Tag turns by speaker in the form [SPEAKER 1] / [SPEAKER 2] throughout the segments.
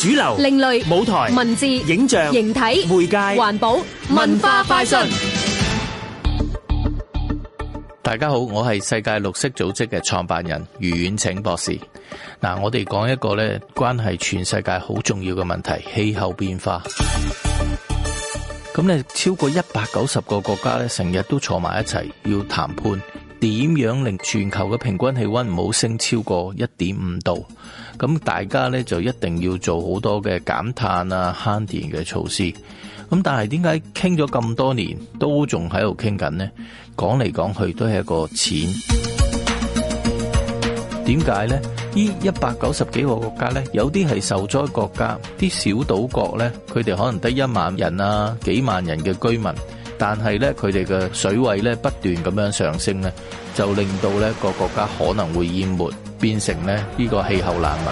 [SPEAKER 1] 主流、另類舞台、文字、影像、形體、媒介、環保、文化快訊。進大家好，我係世界綠色組織嘅創辦人余遠騁博士。嗱，我哋講一個咧關係全世界好重要嘅問題——氣候變化。咁咧，超過一百九十個國家咧，成日都坐埋一齊要談判。點樣令全球嘅平均氣溫唔好升超過一點五度？咁大家呢，就一定要做好多嘅減碳啊慳電嘅措施。咁但係點解傾咗咁多年都仲喺度傾緊呢？講嚟講去都係一個錢。點解呢？呢一百九十幾個國家呢，有啲係受災國家，啲小島國呢，佢哋可能得一萬人啊幾萬人嘅居民。但係咧，佢哋嘅水位咧，不斷咁樣上升咧，就令到咧個國家可能會淹沒，變成咧呢個氣候難民。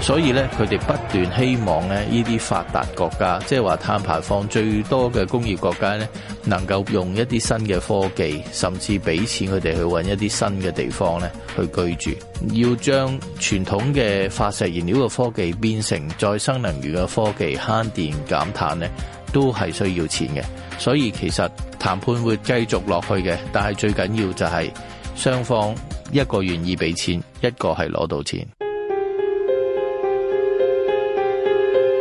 [SPEAKER 1] 所以咧，佢哋不斷希望咧呢啲發達國家，即係話碳排放最多嘅工業國家咧，能夠用一啲新嘅科技，甚至俾錢佢哋去揾一啲新嘅地方咧去居住，要將傳統嘅化石燃料嘅科技變成再生能源嘅科技，慳電減碳咧。都係需要錢嘅，所以其實談判會繼續落去嘅。但係最緊要就係雙方一個願意俾錢，一個係攞到錢。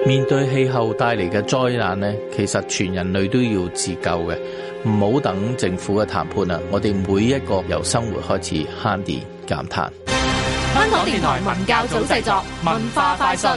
[SPEAKER 1] 面對氣候帶嚟嘅災難呢，其實全人類都要自救嘅，唔好等政府嘅談判啦。我哋每一個由生活開始慳電減碳。減香港電台文教組製作，文化快訊。